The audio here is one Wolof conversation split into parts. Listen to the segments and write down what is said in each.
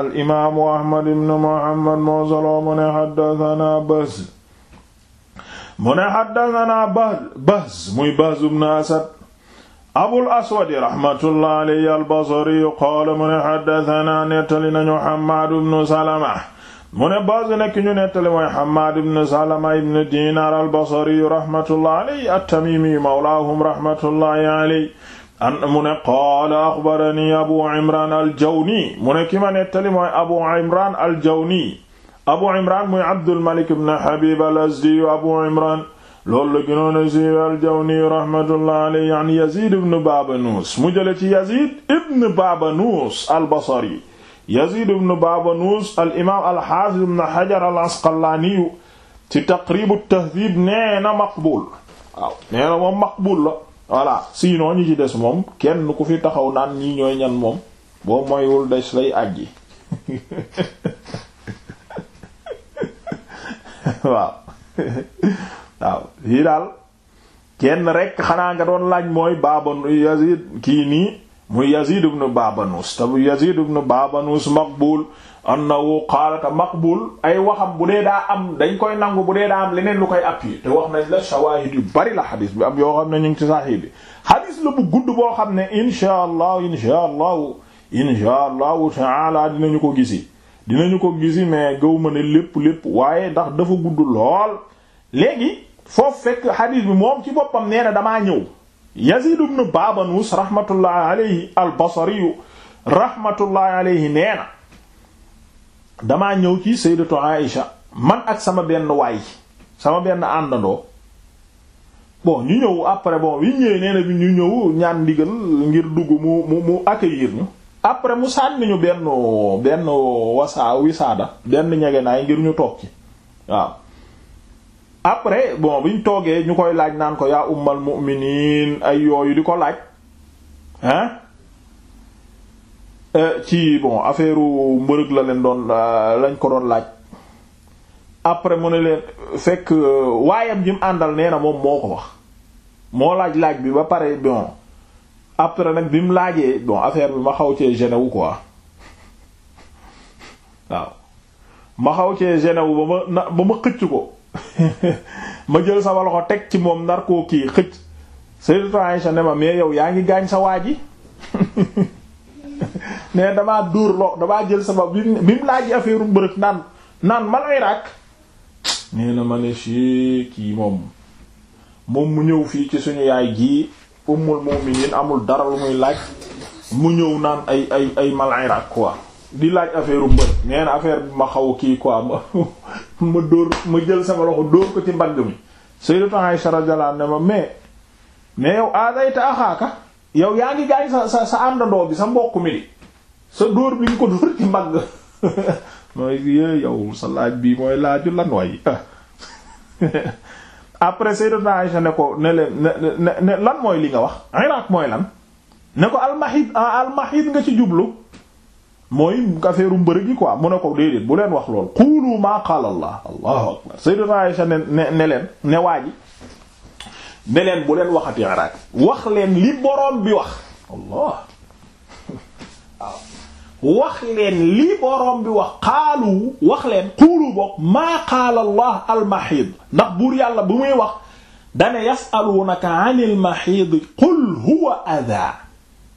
al imaamu ahmad ibn muhammad moo solo mu ne xaddasanaa bahz mu ne xaddasanaa bahz bahz muy bahz ibn asad abul aswadi raxmatullah alayhi albasari qaala mu ne xaddasanaa nettali nañu xammaad ibn salama mu ne bahz nekk ñu nettali mooy xammaad ibn salama ibn diinaar albasari raxmatullah alayhi attamimi mawlaahum raxmatullahi alayhi an mu ne qaala axbarani abu imran aljawni mu ne ki ma nettali mooy abu imran aljawni abu imran muy abdulmalik ibn habib alazdi abu imran loolu la gënoon a siiwe aljawni rahmatullah alayhi an yazid ibn babanus mu jële ci yazid ibn babanus albasri yazid ibn babanus alimaam alxaafiz ibn hajar alasqalaaniyu ci taqribu tahdib nee na maqbul waaw nee na moom maqbul la voilà sinon ñi ci des moom kenn ku fi taxaw naan ñii ñooy ñan moom boo moywul des lay àjji waaw waaw fii daal kenn rek xanaa nga doon laaj mooy baabon Yazid kii nii muy Yazid ibn Babanus te Yazid ibn Babanus maqbul annahu qaalata maqbul ay waxam bu dee daa am dañ koy nangu bu dee daa am leneen lu koy appui te wax nañ la shawahid yu bari la xadis bi am yoo xam ne ñu ngi ci sahih bi xadis la bu gudd boo xam ne inshaa allahu inshaa allahu inshaa allahu taala dinañu ko gisi dinañu ko gisi mais gëw ma ne lépp lépp waaye ndax dafa gudd lool léegi foofu fekk xadis bi moom ci boppam nee damaa ñëw Yazid ibn Babanus rahmatullahi alayhi al-Basri rahmatullahi alayhi nee damaa ñëw ci sayyidatu Aïsha man ak sama benn waay sama benn àndandoo bon ñu ñëw après bon wi ñëwee bi ñu ñëw ñaan ndigal ngir dugg mu mu mu accueillir ñu après mu sànni ñu benn benn wasa wisaada benn ñegenaay ngir ñu toog ci waaw après bon bi ñu toogee ñu koy laaj naan ko yaa ummal mu'minin ay yooyu di ko laaj hein euh, ci bon affaire mbërëg la leen doon euh, lañ ko doon laaj après mu ne leen fekk euh, waayam ji àndal nee na moom moo ko wax moo laaj-laaj bi ba pare bon après nag bi mu laajee bon affaire bi ma xaw cee gêné wu quoi waaw ma xaw cee gêné wu ba ma na ba ma xëcc ko ma jël sama loxo teg ci moom nar koo kii xëcc Sayyidatu Aisha ne ma mais yow yaa ngi gaañ sa waa ji ne damaa dóor lo damaa jël sama bi mu laaj affaire mbërëg naan naan man Irak nee na ma ne si kii moom moom mu ñëw fii ci suñu yaay ji ummul mu'minin amul dara lu muy laaj mu ñëw naan ay ay ay mal Irak quoi di laaj affaire mbërëg nee na affaire bi ma xaw kii quoi ma ma dóor ma jël sama loxo dóor ko ci mbagg mi sayyidatu ma radiyallahu anha mais mais yow aadayta axaaka yow yaa ngi gaañ sa sa àndandoo bi sa mbokk mi di sa dóor bi nga ko dóor ci mbagg mooy yow sa laaj bi mooy laaju lan way après sayyidatu Aisha ne ko ne leen ne ne lan mooy li nga wax iraq mooy lan ne ko almahid ah, almahid nga ci jublu mooy affaire mbërëg yi quoi mu ne ko déedéet bu leen wax lool qulu ma qaala allah allahu akbar sayyidatu Aisha ne ne leen ne waa ji ne leen bu leen waxati Irak wax leen li boroom bi wax allah waaw wax leen li boroom bi wax qaalu wax leen qulu bokk maa qaala allah almaxiid ndax buur yàlla bu muy wax dane yasaluunaka anil maxiid qul huwa adaa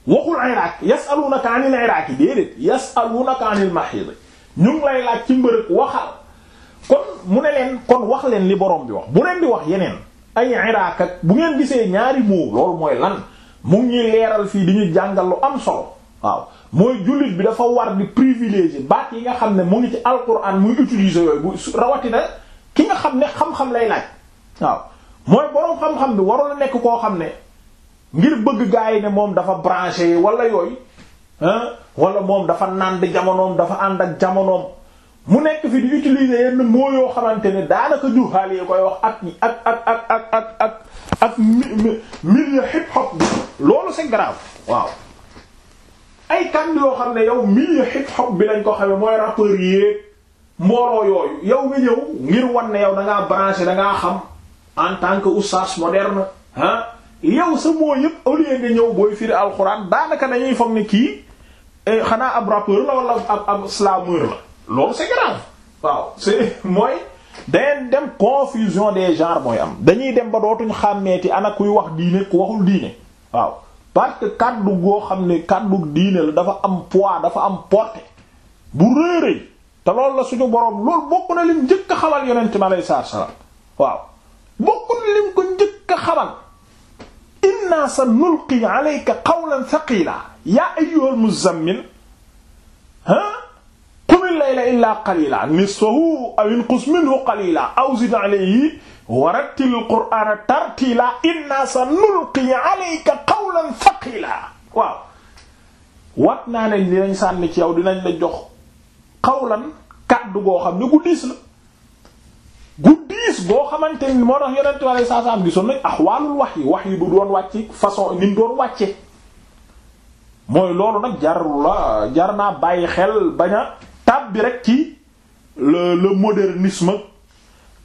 waxul iraq yasalunaka anil iraq yi déedéet yasalunaka anil mahid ñu ngi lay laaj ci mbërëg waxal kon mu ne leen kon wax leen li borom bi wax bu leen di wax yeneen ay iraq ak bu ngeen gisee ñaari moo loolu mooy lan mu ngi leeral fii di ñu jàngal lu am solo waaw mooy jullit bi dafa war di privilégié baat yi nga xam ne mu ngi ci alquran muy utiliser yooyu bu rawatina ki nga xam ne xam-xam lay laaj waaw mooy boroom xam-xam bi waroon a nekk koo xam ne ngir bëgg gaay ne moom dafa branché wala yooyu walla moom dafa nànd jamonoom dafa ànd ak jamonoom mu nekk fi di utiliser yenn moo yoo xamante ne daanaka juhaal yi koy wax ak ak ak ak ak ak ak ak milieu hip hop loolu c'est grave waaw ay kan yoo xam ne yow milieu hip hop bi lañ ko xamee mooy rappeurs yéeg mbooloo yooyu yow nga ñëw ngir wan ne yow da ngaa branché da ngaa xam en tant que oustaz moderne ah yow sa moo yëpp au lieu ñëw booy firi alxuraan daanaka dañuy foog ne kii eh, xanaa ab rappeur la wala ab ab slameur la loolu c'est grave waaw c'est mooy dañuy dem confusion des genres mooy am dañuy dem ba dootuñ xàmmeeti ana kuy wax diine ku waxul diine waaw parce que kàddu goo xam ne kaddu diine la dafa am poids dafa am portée bu réeréy te loolu la suñu boroom loolu bokk na lim njëkk a xamal yonent mi alayhi salaam waaw bokk na lim ko njëkk a xamal. inna sa nulqi alayka qawlan thaqila yaa ayyuhal muzzammil ha qumil layla illa qalila nisfahu aw inqus minhu qalila aw zid alayhi warattilil qur'ana tartila inna sa nulqi alayka qawlan thaqila waaw wat naa ne dinañ sànni ci yow dinañ la jox qawlan kàddu goo xam ne gu diis la gu diis boo xamante ni moo tax yonent bi saa saa am gisoon nañ ahwaalul wax yi wax yi du doon wàcc façon ni mu doon wàcce mooy loolu nag jar la jar naa bàyyi xel bañ a tàbbi rek ci le le modernisme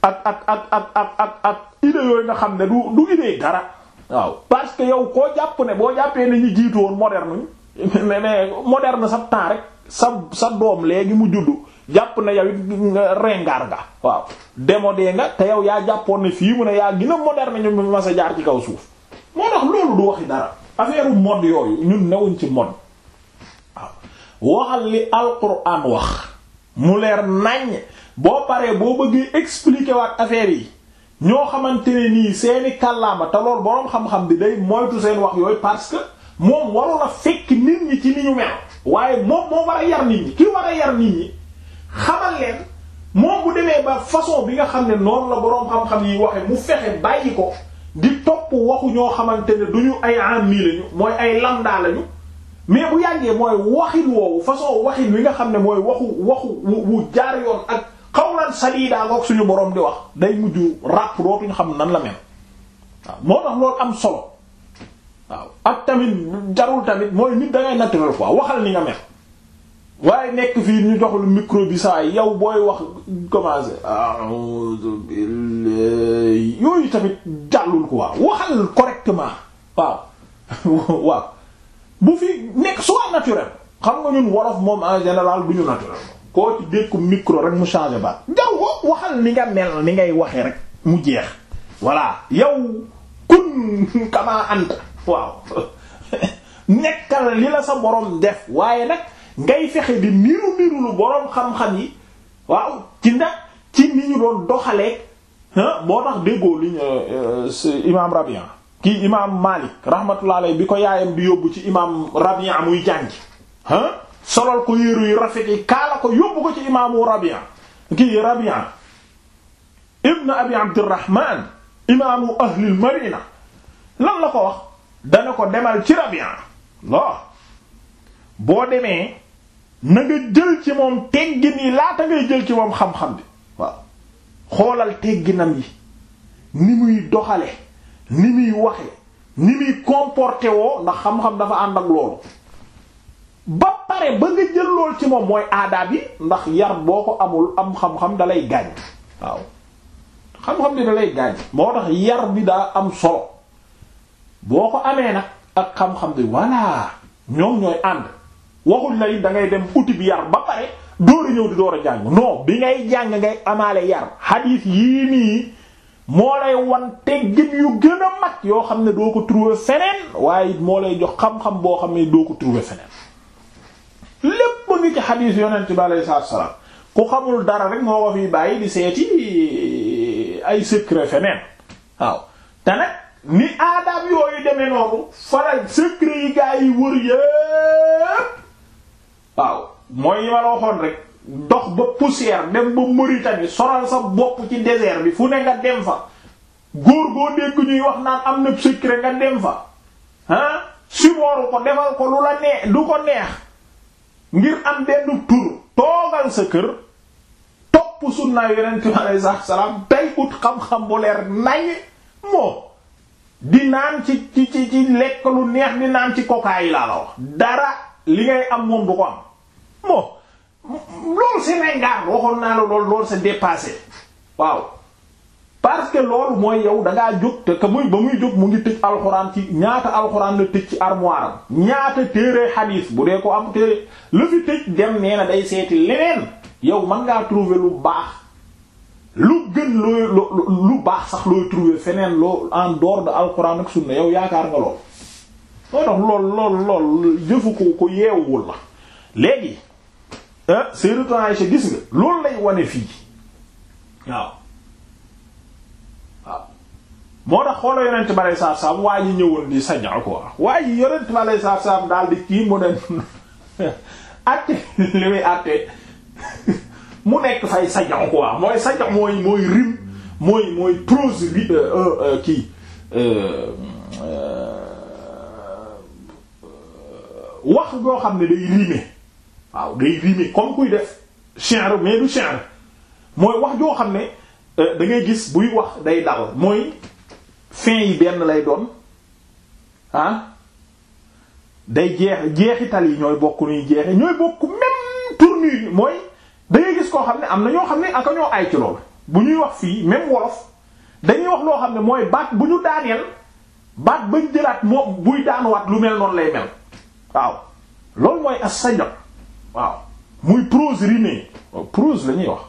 ak ak ak ak ak ak ak yooyu nga xam ne du du idée dara waaw parce que yow koo jàpp ne boo jàppee ne ñu jiitu woon moderne ne moderne sa temps rek sa sa doom léegi mu juddu jàpp na yow rengaar nga waaw démodé nga te yow yaa jàppoon na fii mu ne yaa gën a moderne ñu ma sa jaar ci kaw suuf moo tax loolu du waxi dara affaire mode yooyu ñun newuñ ci mode waxal li alquran wax mu leer naññ boo paree boo bëggee expliquer waat affaire yi ñoo xamante ne nii seeni kàllaama te boroom xam-xam bi day moytu seen wax yooyu parce que moom waroon a fekk nit ñi ci ni ñu mel waaye moom moo war yar nit ñi ki war yar nit ñi xamal leen moom bu demee ba façon bi nga xam ne noonu la boroom xam-xam yi waxe mu fexe bàyyi ko di topp waxu ñoo xamante ne duñu ay ami lañu mooy ay lambda lañu mais bu yàngee mooy waxin woowu façon waxin wi nga xam ne mooy waxu waxu wu jaar yoon ak xawlan sadiida ak suñu boroom di wax day mujj ràpp dootuñu xam nan la mel waaw moo tax loolu am solo waaw ak tamit jarul tamit mooy nit dangay naturel quoi waxal ni nga mel waaye nekk fii ñu jox lu micro bi saa yow booy wax commencé a'udhu billahi yooyu tamit jàllul ko waaw waxal correctement waaw waaw bu fi nekk soit naturel xam nga ñun wolof moom en général bu ñu naturel koo ci dékku micro rek mu changer baat jaw ni nga ni ngay waxee rek mu jeex voilà yow kun kamaa anta li la sa borom def waaye nag ngay fexe di niru niru lu boroom xam-xam yi waaw ci ndax ci ni ñu doon doxalee moo tax déggoo li ñu euh, euh, imaam Rabia kii imaam Malik rahmatullah bi ko yaayam bi yóbbu ci imaam Rabia muy jàng ah solal ko yéeru yu rafet yi kaala ko yóbbu ko ci imaamu Rabia kii Rabia ibn Abi Abdurrahman imaamu ahlil Madina lan na ko wax dana ko demal ci Rabia lo boo demee na jël ci moom teggin yi laata ngay jël ci moom xam-xam bi waaw xoolal tegginam yi ni muy doxale ni muy waxe ni muy comporté woo ndax xam-xam dafa ànd ak loolu ba pare ba nga jël lool ci moom mooy aadaab yi ndax yar boo ko amul am xam-xam dalay gaañ waaw xam-xam bi dalay gaañ moo tax yar bi daa am solo boo ko amee na ak xam-xam bi voilà ñoom ñooy ànd waxuñ la da dem uti bi yar ba pare door a ñëw di door a jàng non bi ngay jàng ngay amaale yar hadith yii nii moo lay wan teggin yu gën a mag yoo xam ne doo ko trouver waaye moo lay jox xam boo xam ne doo ko trouver feneen lépp ngi ci hadith yonent bi alayhi salaatu salaam ku xamul dara rek moo ko fi bàyyi di seeti eh, ay secret feneen waaw te nag ni aadaam yooyu demee noonu faral secret yi gaa yi wër yépp waaw mooy yi waxoon rek dox ba poussière dem ba Mauritanie soral sa bopp ci désert bi fu ne nga dem fa góor goo dégg ñuy wax naan am na secret nga dem fa ah subooru ko defal ko lu la nee du ko neex ngir am benn tur sa kër topp sunna yonent bi aleyhi salaatu salaam tey ut xam-xam bu leer nañ moo di naan ci ci ci ci lekk lu neex di naan ci coca yi laa la wax dara li ngay am moom du ko am bon loolu c'est ringard waxoon naa la loolu loolu c'est dépassé waaw parce que loolu mooy yow da ngaa jóg te que muy ba muy jóg mu ngi tëj alxuraan ci ñaata alxuraan la tëj ci armoire am ñaata téere xadiis bu dee ko am téere la fi tëj dem nee na day seeti leneen yow man ngaa trouver lu baax lu gën looy lu baax sax looy trouver feneen loo en dehors de alxuraan ak sunna yow yaakaar nga lool. moo tax lool lool lool jëfu ko ko yeewul la léegi. Eh, Sayyidatu Aisha gis nga loolu lay wane fii waaw waaw moo tax xoolal yonent bi alayhi salaatu salaam waa ji ñëwoon di saña ah, quoi waa ji yonent bi alayhi salaatu daal di kii mu ne nekk fay saña ah, quoi mooy saña mooy mooy rim mooy mooy prose ri euh, euh, euh, wax goo xam ne day riime. waaw day rimer comme kuy def shi'r mais du shi'r mooy wax joo xam ne euh, dangay gis buy wax day dal mooy fin yi benn lay doon ah? day jeex jeexital yi ñooy bokk nuy jeexe ñooy bokk même tournure mooy da ngay gis koo xam ne am na ñoo xam ne aka ñoo ay ci lool bu ñuy wax fii même wolof dañuy wax loo xam ne mooy baat bu ñu daaneel baat bañ jëlaat moom buy daanuwaat lu mel noonu lay mel waaw loolu mooy as saño waaw muy prose rimée oh, prose la wax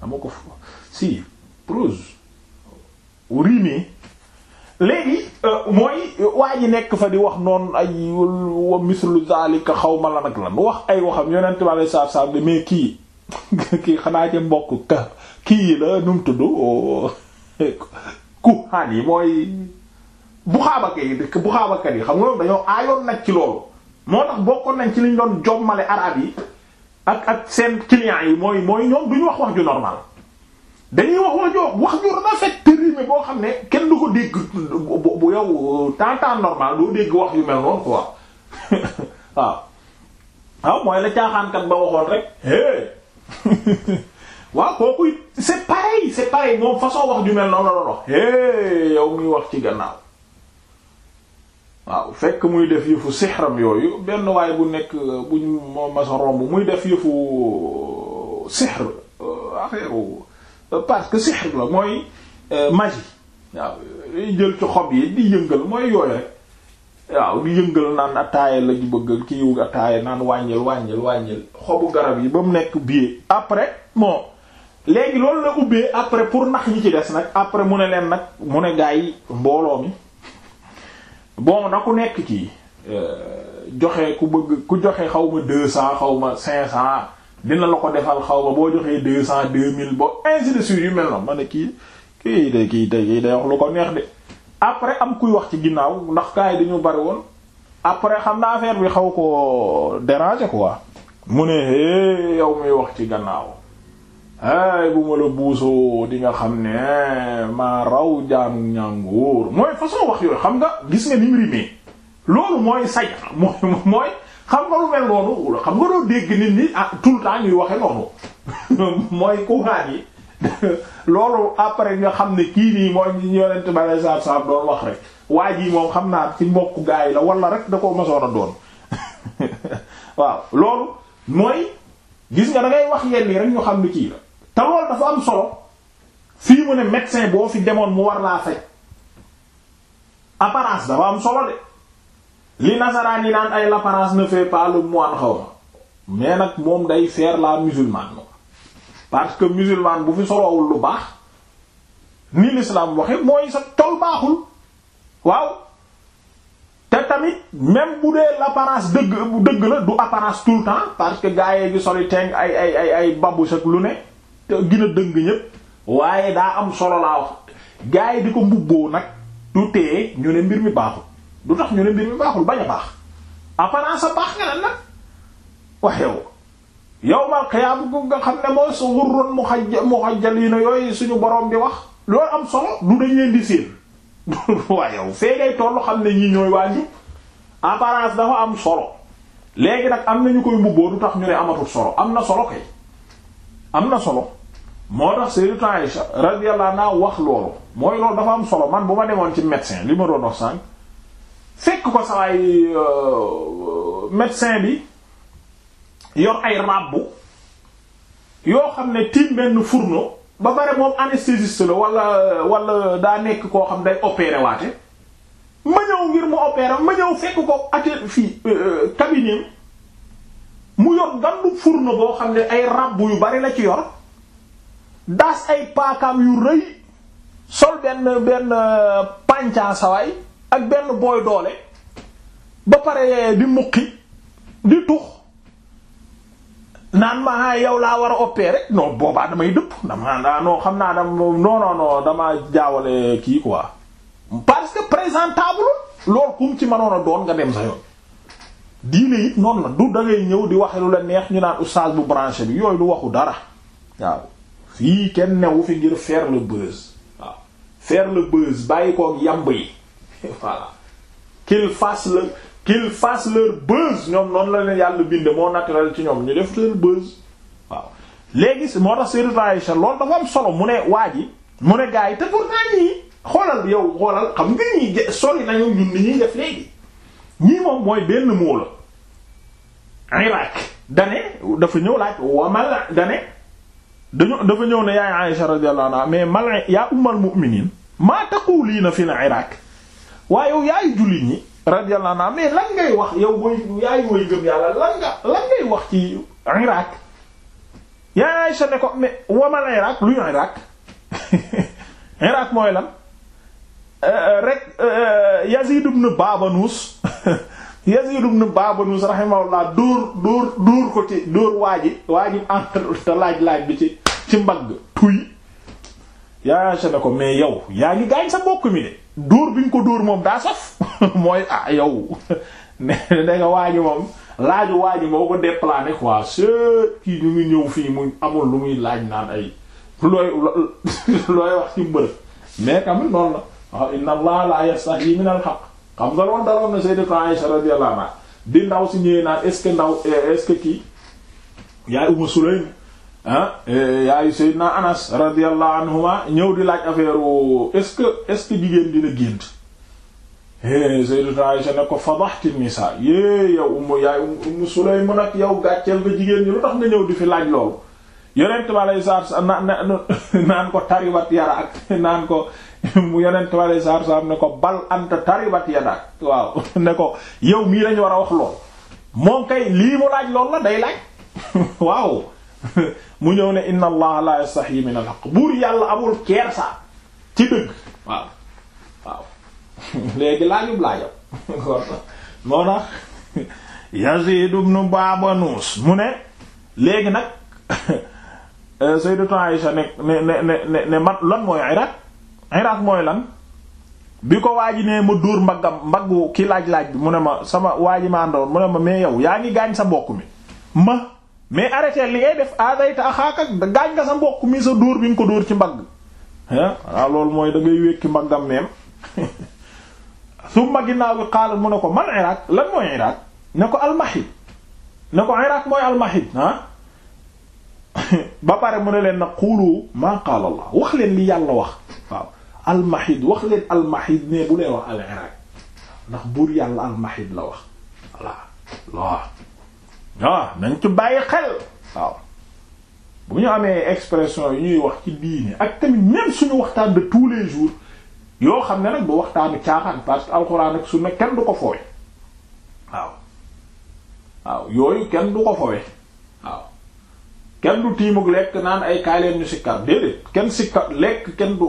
dama ko si prose rimée léegi euh, mooy euh, waa ji nekk fa di wax noonu ay wa mislu zalika xawma lan ak lan wax ay waxam yonent bi alei satu salaam de mais kii kii xanaa ca mbokk kii la nu mu tudd oh, kuhaan yi mooy buxaabakat yi dëkk buxaabakat yi xam nga dañoo aayoon nag ci loolu moo tax bokkoon nañ ci liñ doon jommale arab yi ak ak seen clients yi mooy mooy ñoom duñu wax wax ju normal dañuy wax wax ju wax ju rafet périmé boo xam ne kenn lu ko dégg bu yow temps temps normal doo dégg wax yu mel noonu quoi waaw waaw mooy la caaxaankat ba waxoon rek é waaw kooku c'est pareil c'est pareil moom façon wax ju mel noonu la doon wax yow muy wax ci gannaaw waaw fekk muy def yëfu sixram yooyu benn waay bu nekk buñ moo mas a romb muy def yëfu euh, sixr euh, affaire euh, parce que sixr la mooy magie waaw jël xob yi di yëngal mooy yooyu rek waaw di yëngal naan attaaya la ñu bëgg kiiwu attaaya naan wàññil wàññil wàññil xobu garab yi ba mu nekk biee après bon léegi loolu la ubbee après pour nax ñi ci des nag après mu ne leen nag mu ne gaa yi mbooloo mi bon na ku nekk kii euh, joxe ku bëgg ku joxe xaw ma deux cent xawma ma cinq cent dina la ko defal xaw ma boo joxee deux cent deux mille ba ainsi de suite yu mel noonu ma ne kii kii day kii day kii day wax lu ko neex de après am kuy wax ci ginnaaw ndax gars yi dañu bari woon après xam naa affaire bi xaw ko déranger quoi mu ne é yow muy wax ci gannaaw ay bu ma la buusoo di nga xam ne maa raw jaanu ñàngoor mooy façon wax yooyu xam nga gis nga ni mu rimee loolu mooy say mooy xam nga lu mel noonu xam nga doo dégg nit ñi ah tout le temps ñuy waxe noonu mooy kuhaan yi loolu après nga xam ne kii nii mooy waa jii moom xam naa ci mbokku gaa yi la wala rek da ko masoon a doon waaw loolu mooy gis nga da ngay wax yenn rek ñu xam ne kii la te loolu dafa am solo fii mu ne médecin boo fi demoon mu war laa faj apparence dafa am solo de li nasaraan yi naan ay l'apparence ne fait pas le moine xaw ma mais nag moom day faire la musulmane moom parce que musulman bu fi solowul lu baax ni l'islam waxe mooy sa tol baaxul waaw te tamit même bu dee l'apparence dëgg bu dëgg la du apparence tout le temps parce que gaa yee gi soli teng ay ay ay babu ak lu ne gën a dëng ñépp waaye daa am solo laa wax gars yi di ko mbubboo nag du tee ñu ne mbir mi baaxul du tax ñu ne mbir mi baaxul bañ a baax apparence a baax nga lan yow yowmal xiyaam bu nga xam ne mooy sa wurroon suñu borom bi wax loolu am solo du dañ leen yow fee ngay tollu xam ne ñii ñooy waa njub apparence dafa am solo léegi nag am na ñu koy mbubboo du tax ñu ne amatul solo am na solo kay am na solo moo tax Sayyidatu Aïsha radiyallahu anha wax loolu mooy loolu dafa am solo man bu ma demoon ci médecin li ma doon wax sànq fekk ko sawaay euh, médecin bi yor ay rabbu yoo xam ne tiim benn fourneau ba pare moom anesthésiste la wala wala daa nekk koo xam day opérer waate ma ñëw ngir mu opérer ma ñëw fekk ko atel fii euh, cabinet mu yor gandu fourneau boo xam ne ay rabbu yu bari la ci yor daas ay paakaam yu rëy sol benn benn euh, pàncaa sawaay ak benn booy doole ba pare euh, di muqi di tux naan ma ah, yow laa war a opérer non boobaa damay dëpp dama daa non xam naa dam non dama jaawale kii quoi parce que présentable lool kum ci mënoon a doon nga dem sa yoon diine it noonu la du da ñëw di waxe lu la neex ñu naan oustaz bu branché bi yooyu du waxu dara waaw fii kenn newu fi ngir faire le buzz waaw faire le buzz bàyyi koog yamb yi voilà qu'il fasse le qu'il fasse leur buzz ñoom noonu la leen yàlla binde moo naturel ci ñoom ñu def leur buzz waaw léegi moo tax Sayyidatu Aïcha loolu dafa am solo mu ne waa ji mu ne gars yi te pourtant ñii xoolal yow xoolal xam nga sol sori nañu ñun ni ñuy def léegi ñii moom mooy benn moo la Irak dane dafa ñëw laaj wamal dane dañu dafa ñëw na yaay Aïsha radiyallahu anha mais mal yaa ummal mu'minin maa taquliina fil Iraq waaye yow yaay jullit ñi radiyallahu anha mais lan ngay wax yow booy yaay woy gëm yàlla lan nga lan ngay wax ci Iraq yaay Aïsha ne ko mais wamal Iraq luy Iraq Iraq mooy lan euh, euh, rek euh, Yazid ibn Babanous Yazid ibn Babunus rahimahullah dóor dóor dóor ko ci dóor waaji waaji entre te laaj laaj bi ci ci mbagg tuy yaa ne ko mais yow yaa ngi gaañ sa mbokk mi de dóor bi ñu ko dóor moom daa saf mooy ah yow ne ne nga waaji moom laaju waaji moo ko déplané quoi seet kii ñu ngi ñëw fii mu amul lu muy laaj naan ay looy looy wax ci mbërëg mais tamit noonu la waaw ah, inna Allah la yastahyi min al haqq xam nga loolu daloon na Sayyidatu Aisha radiyallahu anha di ndaw si ñëwee naan est ndaw eh, est-ce yaay Umm Sulaym ah eh, yaayu Sayyidna di laaj affaire est-ce que est-ce que jigéen dina eh, yow Umm yaay Umm gàcceel nga jigéen ñi lu tax na ñëw di fi laaj loolu yonent bi alei saatu naan ko taribat yara ak naan ko mu yonent ware saar saam ne ko bal anta taribat yadak waaw ne ko yow mii lañu war a wax lool moom kay lii mu laaj lool la day laaj waaw mu ñëw ne inna allaha la yastahi min al haqq buur yàlla amul kersa ci dëgg waaw waaw léegi laajub laajam kon moo tax Yazid ibn Babanus mu ne nag euh, Sayyidatu Aisha ne ne ne ne ne man lan mooy irat Iraq mooy lan bi ko waaji ne ma dóor mbaggam mbaggu ki laaj-laaj bi mu ne ma sama waaji ma àndoon mu ne ma mais yow yaa ngi gaañ sa mbokk mi ma mais arrêté li ngay def adayta axaakak gaañ nga sa mbokk mi sa dóor bi nga ko dóor ci mbagg waaw loolu mooy da ngay wékki mbaggam meem summa ginnaaw gi xaalat mu ne ko man Iraq lan mooy Iraq ne ko almahid ne ko Iraq mooy almahid ba pare mu ne leen nag xuulu maa qaala Allah wax leen li yàlla wax waaw almahid wax leen almahid ne bu lay wax al iraq ndax buur yàlla almahid la wax voilà waaw nañ ci bàyyi xel waaw bu ñu amee expression yu ñuy wax ci diine ak tamit même suñu waxtaan de tous les jours yoo xam ne nag bu waxtaanu caaxaan parce que alxuraan ak sunna kenn du ko foowe waaw waaw yooyu kenn du ko foowe kenn du tiimug lekk naan ay kaay leen ñu sikkar déedéet kenn sikkar lekk kenn du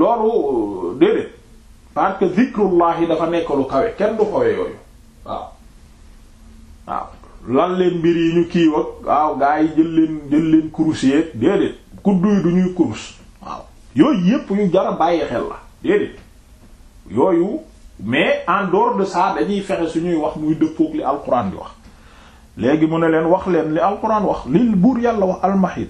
loolu déedéet parce que zikrullahi dafa nekk lu kawe kenn du xoowe yooyu waaw waaw lan leen mbir yi ñu kii wag waaw gaa yi jël leen jël leen kurus yeeg déedéet kuddu yi du ñuy kurus waaw yooyu yépp yu jara bàyyi xel la déedéet yooyu mais en dehors de ça dañuy fexe suñuy wax muy dëppook li alxuraan di wax léegi mu ne leen wax leen li alquran wax li buur yàlla wax almahid